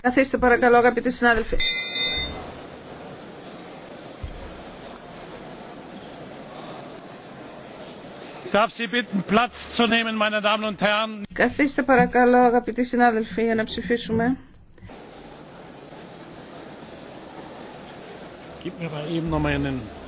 Καθίστε παρακαλώ αγαπητοί συνάδελφοι. Καθίστε παρακαλώ αγαπητοί συνάδελφοι για να ψηφίσουμε. Gib mir mal eben noch mal